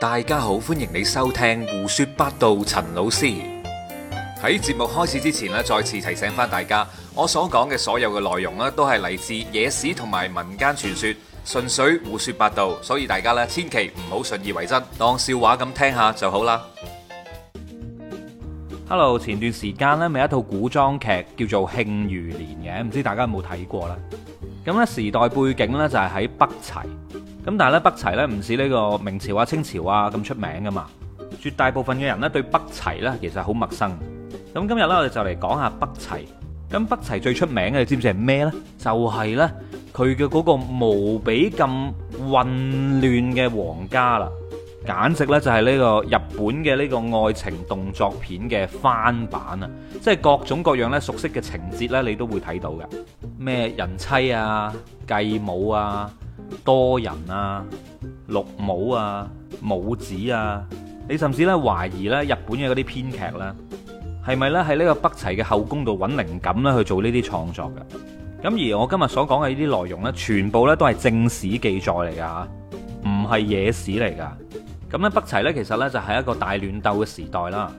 大家好，歡迎你收聽胡說八道。陳老師喺節目開始之前咧再次提醒翻大家，我所講嘅所有嘅內容咧都係嚟自野史同埋民間傳說，純粹胡說八道，所以大家咧千祈唔好信以為真，當笑話咁聽下就好啦。Hello，前段時間咧，咪有一套古裝劇叫做《慶餘年》嘅，唔知大家有冇睇過啦？咁咧，時代背景呢，就係喺北齊。咁但係咧北齊咧唔似呢個明朝啊清朝啊咁出名噶嘛，絕大部分嘅人咧對北齊咧其實好陌生。咁今日咧我哋就嚟講下北齊。咁北齊最出名嘅，你知唔知係咩咧？就係咧佢嘅嗰個無比咁混亂嘅皇家啦，簡直咧就係呢個日本嘅呢個愛情動作片嘅翻版啊！即係各種各樣咧熟悉嘅情節咧，你都會睇到嘅，咩人妻啊、繼母啊。多人啊，綠帽啊，母子啊，你甚至咧懷疑咧日本嘅嗰啲編劇咧，係咪咧喺呢個北齊嘅後宮度揾靈感咧去做呢啲創作嘅？咁而我今日所講嘅呢啲內容呢，全部呢都係正史記載嚟噶吓，唔係野史嚟噶。咁咧北齊呢，其實呢就係一個大亂鬥嘅時代啦。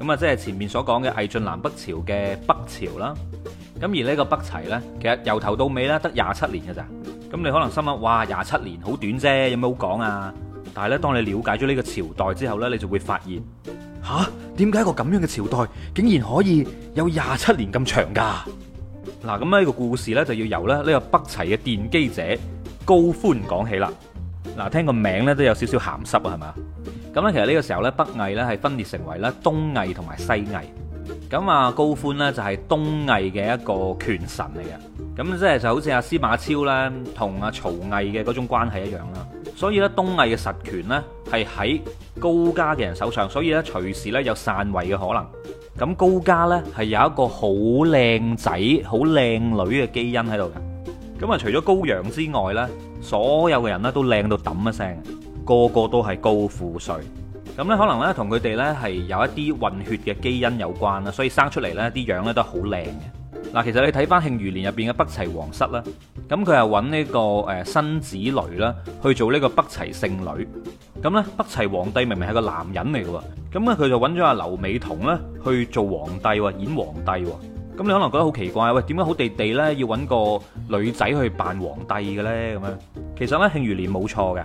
咁啊即係前面所講嘅魏晉南北朝嘅北朝啦。咁而呢個北齊呢，其實由頭到尾呢得廿七年㗎咋。咁你可能心諗，哇，廿七年好短啫，有咩好講啊？但係呢，當你了解咗呢個朝代之後呢，你就會發現，吓，點解一個咁樣嘅朝代竟然可以有廿七年咁長㗎？嗱，咁呢個故事呢，就要由咧呢個北齊嘅奠基者高歡講起啦。嗱，聽個名呢，都有少少鹹濕啊，係嘛？咁咧其實呢個時候呢，北魏呢，係分裂成為咧東魏同埋西魏。咁啊，高歡咧就係東魏嘅一個權臣嚟嘅，咁即係就好似阿司馬昭咧同阿曹魏嘅嗰種關係一樣啦。所以咧，東魏嘅實權咧係喺高家嘅人手上，所以咧隨時咧有篡位嘅可能。咁高家咧係有一個好靚仔、好靚女嘅基因喺度嘅。咁啊，除咗高洋之外咧，所有嘅人咧都靚到抌一聲，個個都係高富帥。咁咧，可能咧同佢哋咧係有一啲混血嘅基因有關啦，所以生出嚟咧啲樣咧都好靚嘅。嗱，其實你睇翻慶餘年入邊嘅北齊皇室啦，咁佢係揾呢個誒辛芷蕾啦去做呢個北齊聖女。咁咧，北齊皇帝明明係個男人嚟嘅喎，咁咧佢就揾咗阿劉美彤呢去做皇帝喎，演皇帝喎。咁你可能覺得好奇怪喂，點解好地地咧要揾個女仔去扮皇帝嘅咧？咁樣其實咧，慶餘年冇錯嘅。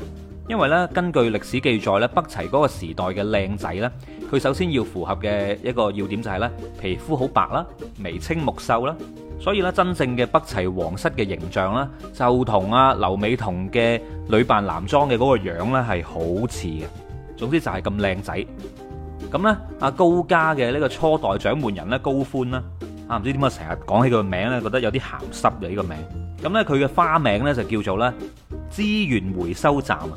因為咧，根據歷史記載咧，北齊嗰個時代嘅靚仔咧，佢首先要符合嘅一個要點就係咧，皮膚好白啦，眉清目秀啦。所以咧，真正嘅北齊皇室嘅形象啦，就同啊劉美彤嘅女扮男裝嘅嗰個樣咧係好似嘅。總之就係咁靚仔。咁咧，阿高家嘅呢個初代掌門人咧，高歡啦，啊唔知點解成日講起佢個名咧，覺得有啲鹹濕嘅呢個名。咁咧，佢嘅花名咧就叫做咧資源回收站啊！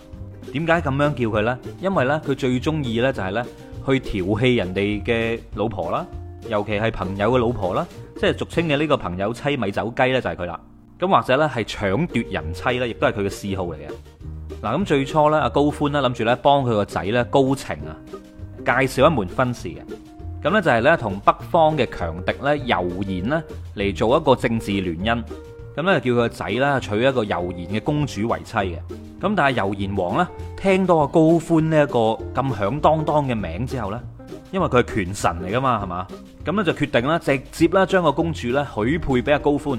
點解咁樣叫佢呢？因為呢，佢最中意呢就係呢，去調戲人哋嘅老婆啦，尤其係朋友嘅老婆啦，即係俗稱嘅呢個朋友妻米走雞呢，就係佢啦。咁或者呢，係搶奪人妻呢，亦都係佢嘅嗜好嚟嘅。嗱，咁最初呢，阿高歡呢，諗住呢幫佢個仔呢，高澄啊，介紹一門婚事嘅。咁呢，就係呢，同北方嘅強敵呢，柔然呢，嚟做一個政治聯姻。咁呢叫佢個仔呢，娶一個柔然嘅公主為妻嘅。咁但係尤賢王咧，聽到個高歡呢一個咁響當當嘅名之後咧，因為佢係權臣嚟噶嘛，係嘛，咁咧就決定咧，直接咧將個公主咧許配俾阿高歡。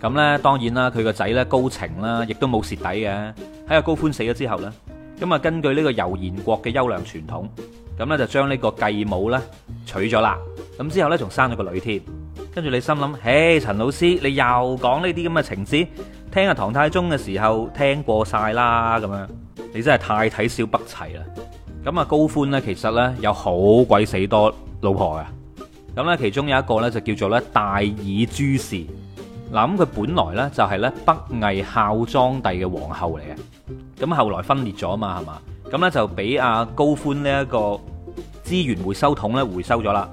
咁咧當然啦，佢個仔咧高澄啦，亦都冇蝕底嘅。喺阿高歡死咗之後咧，咁啊根據呢個柔然國嘅優良傳統，咁咧就將呢個繼母咧娶咗啦。咁之後咧仲生咗個女添。跟住你心諗，唉，陳老師，你又講呢啲咁嘅情節。聽阿唐太宗嘅時候聽過晒啦，咁樣你真係太睇小北齊啦。咁啊高歡咧，其實咧有好鬼死多老婆啊。咁咧其中有一個咧就叫做咧大爾朱氏。嗱，咁佢本來咧就係咧北魏孝莊帝嘅皇后嚟嘅。咁後來分裂咗啊嘛，係嘛。咁咧就俾阿高歡呢一個資源回收桶咧回收咗啦。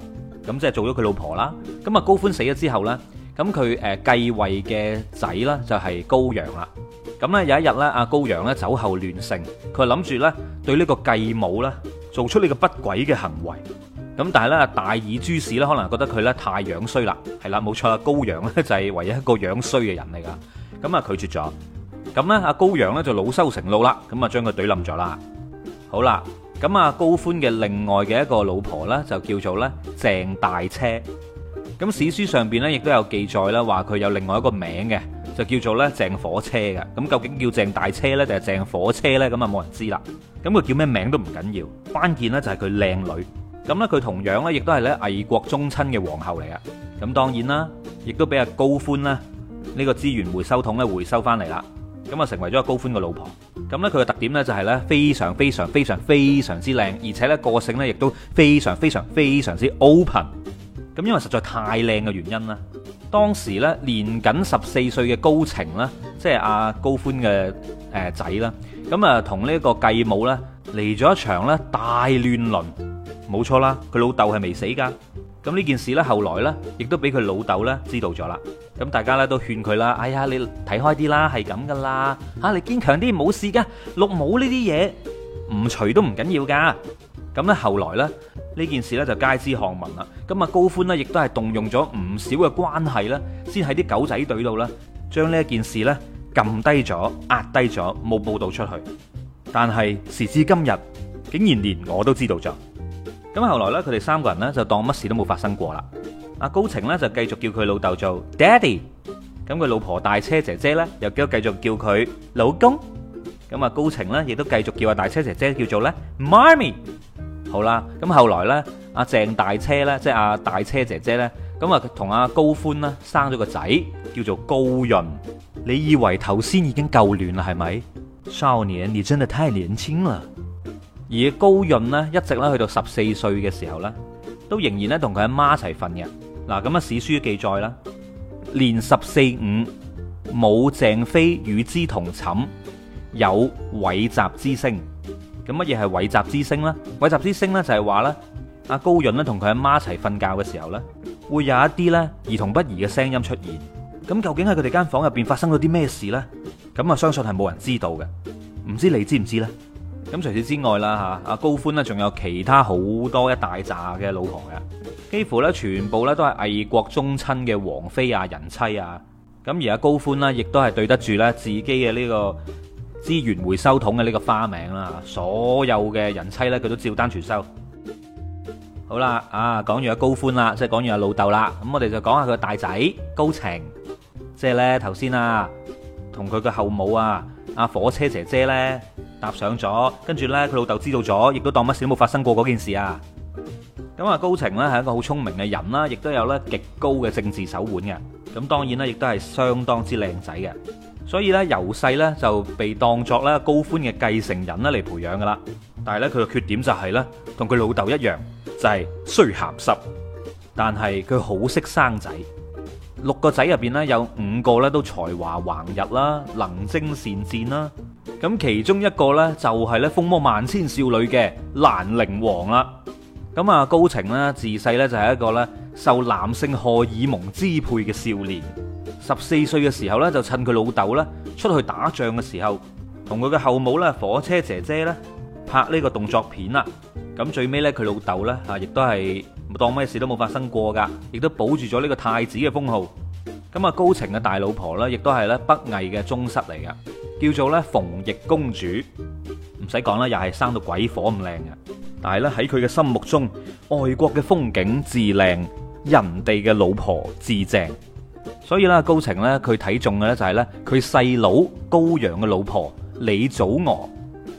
咁即係做咗佢老婆啦。咁啊高歡死咗之後咧。咁佢誒繼位嘅仔啦，就係高洋啦。咁呢，有一日呢，阿高洋呢酒後亂性，佢諗住呢對呢個繼母呢做出呢個不軌嘅行為。咁但係呢，大爾朱氏呢可能覺得佢呢太樣衰啦。係啦，冇錯，啦，阿高洋呢就係唯一一個樣衰嘅人嚟噶。咁啊拒絕咗。咁呢，阿高洋呢就老羞成怒啦。咁啊將佢懟冧咗啦。好啦，咁啊高歡嘅另外嘅一個老婆呢，就叫做呢鄭大車。咁史書上邊咧，亦都有記載啦，話佢有另外一個名嘅，就叫做咧鄭火車嘅。咁究竟叫鄭大車咧，定係鄭火車咧？咁啊，冇人知啦。咁佢叫咩名都唔緊要，關鍵咧就係佢靚女。咁咧，佢同樣咧，亦都係咧魏國忠親嘅皇后嚟㗎。咁當然啦，亦都俾阿高歡啦呢個資源回收桶咧回收翻嚟啦。咁啊，成為咗高歡嘅老婆。咁咧，佢嘅特點咧就係咧非常非常非常非常之靚，而且咧個性咧亦都非常非常非常之 open。咁因為實在太靚嘅原因啦，當時呢，年僅十四歲嘅高澄啦，即係阿高歡嘅仔啦，咁啊同呢個繼母呢，嚟咗一場大亂倫，冇錯啦，佢老豆係未死噶，咁呢件事呢，後來呢，亦都俾佢老豆呢知道咗啦，咁大家呢，都勸佢啦，哎呀你睇開啲啦，係咁噶啦，吓你堅強啲，冇事噶，綠帽呢啲嘢唔除都唔緊要噶。咁咧，後來咧，呢件事咧就街知巷聞啦。咁啊，高歡咧亦都係動用咗唔少嘅關係咧，先喺啲狗仔隊度咧，將呢一件事咧撳低咗、壓低咗，冇報導出去。但係時至今日，竟然連我都知道咗。咁後來咧，佢哋三個人咧就當乜事都冇發生過啦。阿高澄咧就繼續叫佢老豆做 daddy，咁佢老婆大車姐姐咧又繼續叫佢老公。咁啊，高澄咧亦都繼續叫阿大車姐姐叫做咧 mummy。好啦，咁後來呢，阿鄭大車呢，即係阿大車姐姐呢，咁啊同阿高歡呢，生咗個仔叫做高潤。你以為頭先已經夠亂啦，係咪？少年你真係太年輕啦。而高潤呢，一直咧去到十四歲嘅時候呢，都仍然咧同佢阿媽一齊瞓嘅。嗱，咁啊史書記載啦，年十四五，母鄭妃與之同寢，有毀集之聲。咁乜嘢係鬼集之聲呢？鬼集之聲呢就係話呢，阿高潤同佢阿媽一齊瞓覺嘅時候呢，會有一啲呢兒童不宜嘅聲音出現。咁究竟喺佢哋間房入邊發生咗啲咩事呢？咁啊，相信係冇人知道嘅。唔知你知唔知呢？咁除此之外啦，吓阿高歡仲有其他好多一大紮嘅老婆呀，幾乎呢全部呢都係魏國宗親嘅王妃啊、人妻啊。咁而阿高歡呢，亦都係對得住呢自己嘅呢、這個資源回收桶嘅呢個花名啦，所有嘅人妻咧，佢都照單全收。好啦，啊，講完阿高歡啦，即係講完阿老豆啦，咁我哋就講下佢個大仔高晴，即係咧頭先啊，同佢個後母啊，阿火車姐姐咧搭上咗，跟住咧佢老豆知道咗，亦都當乜事都冇發生過嗰件事啊。咁啊，高澄咧係一個好聰明嘅人啦，亦都有咧極高嘅政治手腕嘅。咁當然咧，亦都係相當之靚仔嘅。所以咧，由細咧就被當作咧高歡嘅繼承人啦嚟培養噶啦。但係咧，佢嘅缺點就係、是、咧，同佢老豆一樣，就係、是、雖鹹濕，但係佢好識生仔。六個仔入邊咧，有五個咧都才華橫溢啦，能征善戰啦。咁其中一個咧就係咧風魔萬千少女嘅蘭陵王啦。咁啊，高澄呢自細咧就係一個咧受男性荷爾蒙支配嘅少年。十四歲嘅時候咧，就趁佢老豆咧出去打仗嘅時候，同佢嘅後母咧火車姐姐咧拍呢個動作片啦。咁最尾呢佢老豆呢啊，亦都係當咩事都冇發生過噶，亦都保住咗呢個太子嘅封號。咁啊高澄嘅大老婆呢，亦都係咧北魏嘅宗室嚟㗎，叫做呢「馮翊公主」。唔使講啦，又係生到鬼火咁靚嘅。但係呢，喺佢嘅心目中，外國嘅風景至靚，人哋嘅老婆至正。所以啦，高澄咧，佢睇中嘅咧就係咧，佢細佬高洋嘅老婆李祖娥，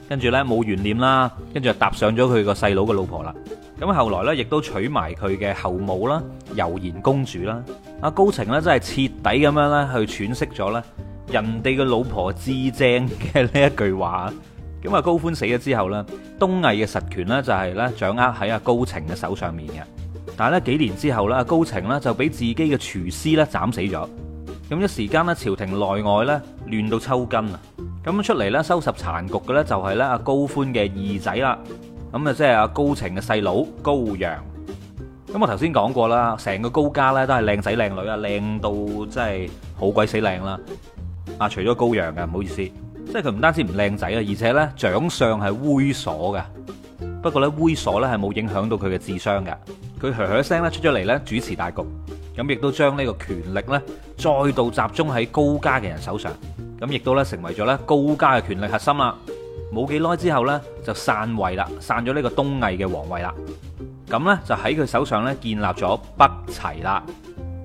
跟住咧冇懸念啦，跟住就搭上咗佢個細佬嘅老婆啦。咁後來咧，亦都娶埋佢嘅後母啦，柔然公主啦。阿高澄咧，真係徹底咁樣咧去詮釋咗咧人哋嘅老婆至正嘅呢一句話。咁啊，高歡死咗之後咧，東魏嘅實權咧就係咧掌握喺阿高澄嘅手上面嘅。但係咧，幾年之後咧，阿高晴咧就俾自己嘅廚師咧斬死咗。咁一時間咧，朝廷內外咧亂到抽筋啊！咁出嚟咧收拾殘局嘅咧就係咧阿高歡嘅二仔啦。咁、就、啊、是，即係阿高澄嘅細佬高洋。咁我頭先講過啦，成個高家咧都係靚仔靚女啊，靚到真係好鬼死靚啦。啊，除咗高洋嘅唔好意思，即係佢唔單止唔靚仔啊，而且咧長相係猥瑣嘅。不過咧，猥瑣咧係冇影響到佢嘅智商嘅。佢噏噏聲咧出咗嚟咧主持大局，咁亦都將呢個權力咧再度集中喺高家嘅人手上，咁亦都咧成為咗咧高家嘅權力核心啦。冇幾耐之後咧就禪位啦，禪咗呢個東魏嘅皇位啦。咁咧就喺佢手上咧建立咗北齊啦。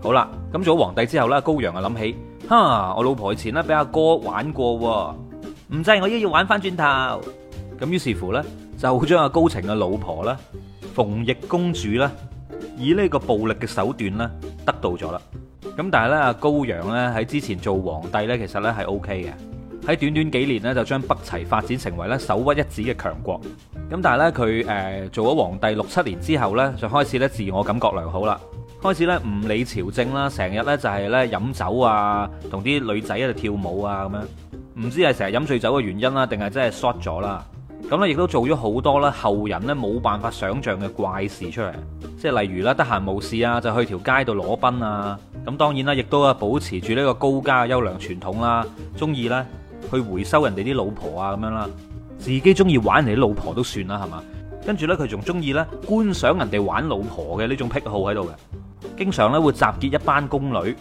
好啦，咁做皇帝之後咧，高洋啊諗起，哈，我老婆以前咧俾阿哥玩過，唔制，我依家要玩翻轉頭。咁於是乎咧就將阿高澄嘅老婆啦。馮異公主呢，以呢個暴力嘅手段呢，得到咗啦。咁但係咧，阿高洋咧喺之前做皇帝咧，其實咧係 O K 嘅。喺短短幾年咧，就將北齊發展成為咧首屈一指嘅強國。咁但係咧，佢誒做咗皇帝六七年之後咧，就開始咧自我感覺良好啦，開始咧唔理朝政啦，成日咧就係咧飲酒啊，同啲女仔喺度跳舞啊咁樣。唔知係成日飲醉酒嘅原因啦，定係真係 short 咗啦？咁咧，亦都做咗好多咧，後人咧冇辦法想象嘅怪事出嚟，即係例如啦得閒冇事啊，就去條街度裸奔啊。咁當然啦，亦都啊，保持住呢個高家嘅優良傳統啦，中意咧去回收人哋啲老婆啊咁樣啦，自己中意玩人哋啲老婆都算啦，係嘛？跟住呢，佢仲中意咧觀賞人哋玩老婆嘅呢種癖好喺度嘅，經常咧會集結一班宮女，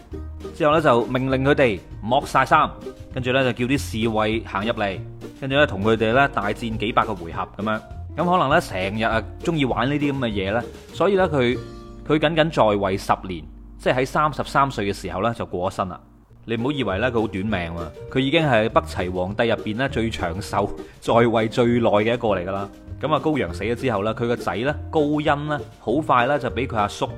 之後呢就命令佢哋剝晒衫，跟住呢就叫啲侍衛行入嚟。跟住咧，同佢哋咧大戰幾百個回合咁樣，咁可能咧成日啊中意玩呢啲咁嘅嘢咧，所以咧佢佢僅僅在位十年，即係喺三十三歲嘅時候咧就過咗身啦。你唔好以為咧佢好短命啊，佢已經係北齊皇帝入邊咧最長壽在位最耐嘅一個嚟噶啦。咁啊高洋死咗之後咧，佢個仔咧高殷咧，好快咧就俾佢阿叔，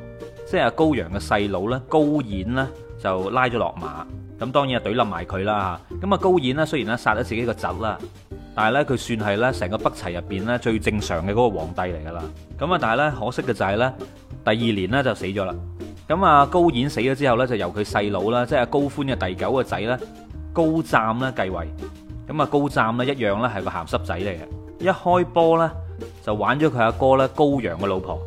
即係高洋嘅細佬咧高演咧就拉咗落馬。咁當然係懟冧埋佢啦。咁啊高演呢，雖然咧殺咗自己個侄啦，但係咧佢算係咧成個北齊入邊咧最正常嘅嗰個皇帝嚟噶啦。咁啊但係咧可惜嘅就係咧第二年咧就死咗啦。咁啊高演死咗之後咧就由佢細佬啦，即係阿高歡嘅第九個仔咧高湛咧繼位。咁啊高湛呢一樣咧係個鹹濕仔嚟嘅，一開波咧就玩咗佢阿哥咧高洋嘅老婆，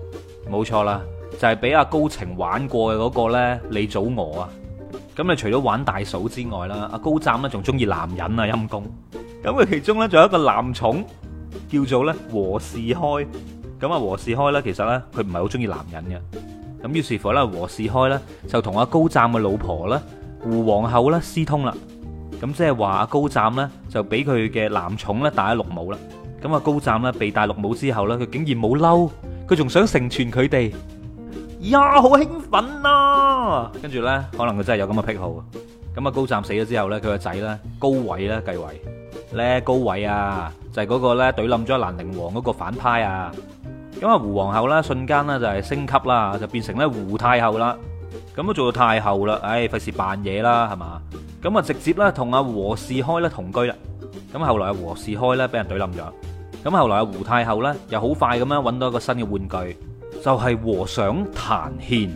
冇錯啦，就係俾阿高澄玩過嘅嗰個咧李祖娥啊！咁咧除咗玩大嫂之外啦，阿高湛咧仲中意男人啊陰公。咁佢其中咧仲有一個男寵叫做咧和士開。咁啊和士開咧其實咧佢唔係好中意男人嘅。咁於是乎咧和士開咧就同阿高湛嘅老婆咧胡皇后咧私通啦。咁即係話阿高湛咧就俾佢嘅男寵咧戴綠帽啦。咁阿高湛咧被戴綠帽之後咧，佢竟然冇嬲，佢仲想成全佢哋。哎、呀，好興奮啊！跟住呢，可能佢真係有咁嘅癖好。咁啊，高湛死咗之後呢，佢個仔呢，高緯咧繼位，呢高緯啊，就係、是、嗰個呢，隊冧咗蘭陵王嗰個反派啊。咁啊，胡皇后呢，瞬間呢，就係、是、升級啦，就變成咧胡太后啦。咁都做到太后啦，唉、哎，費事扮嘢啦，係嘛？咁啊，直接咧同阿和士開咧同居啦。咁後來阿和士開呢，俾人隊冧咗。咁後來阿胡太后呢，又好快咁樣揾到一個新嘅玩具。就係、是、和尚曇獻，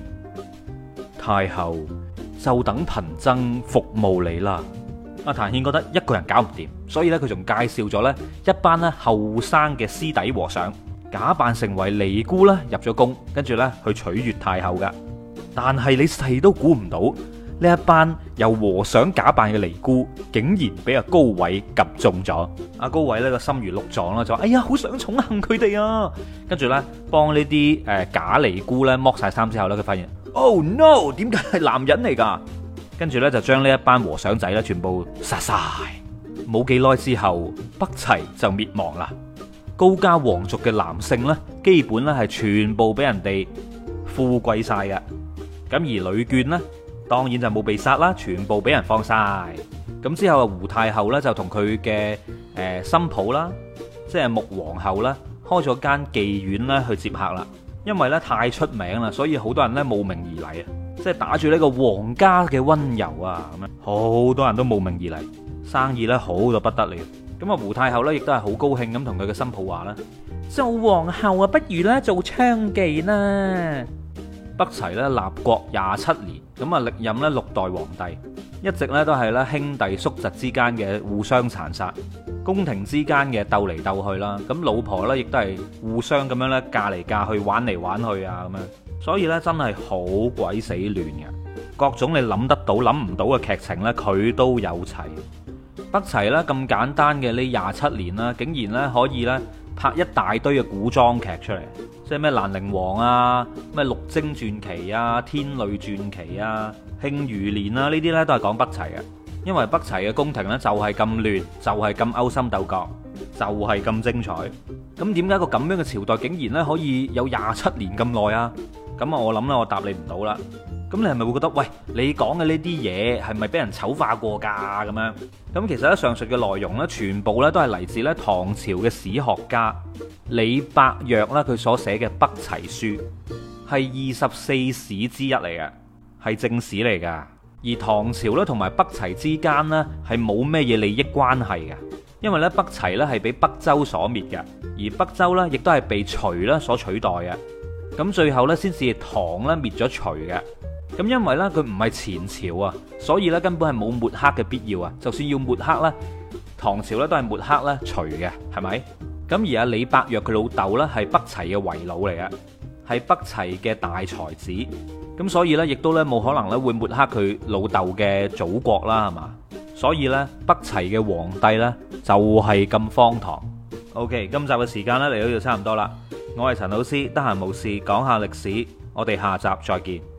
太后就等貧僧服務你啦，阿、啊、曇獻覺得一個人搞唔掂，所以咧佢仲介紹咗咧一班咧後生嘅師弟和尚，假扮成為尼姑啦入咗宮，跟住咧去取悅太后㗎，但係你死都估唔到。呢一班由和尚假扮嘅尼姑，竟然俾阿高偉及中咗。阿高偉咧個心如鹿撞啦，就話哎呀好想寵幸佢哋啊！跟住咧幫呢啲誒假尼姑咧剝晒衫之後咧，佢發現 oh no，點解係男人嚟噶？跟住咧就將呢一班和尚仔咧全部殺晒。冇幾耐之後，北齊就滅亡啦。高家皇族嘅男性咧，基本咧係全部俾人哋富貴晒㗎。咁而女眷咧？當然就冇被殺啦，全部俾人放晒。咁之後啊，胡太后咧就同佢嘅誒新抱啦，即係穆皇后啦，開咗間妓院咧去接客啦。因為咧太出名啦，所以好多人咧慕名而嚟啊，即係打住呢個皇家嘅溫柔啊，咁樣好多人都慕名而嚟，生意咧好到不得了。咁啊，胡太后咧亦都係好高興咁同佢嘅新抱話啦：「做皇后啊，不如呢做娼妓啦。」北齊咧立國廿七年，咁啊歷任咧六代皇帝，一直咧都係咧兄弟叔侄之間嘅互相殘殺，宮廷之間嘅鬥嚟鬥去啦，咁老婆咧亦都係互相咁樣咧嫁嚟嫁去，玩嚟玩去啊咁樣，所以咧真係好鬼死亂嘅，各種你諗得到、諗唔到嘅劇情咧，佢都有齊。北齊咧咁簡單嘅呢廿七年啦，竟然咧可以咧～拍一大堆嘅古裝劇出嚟，即係咩蘭陵王啊，咩《陸貞傳奇》啊，《天女傳奇》啊，《慶餘年》啊，呢啲呢都係講北齊嘅，因為北齊嘅宮廷呢，就係咁亂，就係咁勾心鬥角，就係咁精彩。咁點解個咁樣嘅朝代竟然呢可以有廿七年咁耐啊？咁啊，我諗啦，我答你唔到啦。咁你係咪會覺得？喂，你講嘅呢啲嘢係咪俾人醜化過㗎咁樣？咁其實上述嘅內容呢，全部呢都係嚟自呢唐朝嘅史學家李百藥呢佢所寫嘅《北齊書》，係二十四史之一嚟嘅，係正史嚟㗎。而唐朝呢，同埋北齊之間呢，係冇咩嘢利益關係嘅，因為呢北齊呢係俾北周所滅嘅，而北周呢亦都係被隋啦所取代嘅。咁最後呢，先至唐呢滅咗隋嘅。咁，因為呢，佢唔係前朝啊，所以呢根本係冇抹黑嘅必要啊。就算要抹黑呢，唐朝呢都係抹黑呢除嘅，係咪？咁而阿李百藥佢老豆呢係北齊嘅遺老嚟嘅，係北齊嘅大才子，咁所以呢，亦都呢冇可能呢會抹黑佢老豆嘅祖國啦，係嘛？所以呢，北齊嘅皇帝呢就係咁荒唐。OK，今集嘅時間呢嚟到就差唔多啦。我係陳老師，得閒冇事講下歷史，我哋下集再見。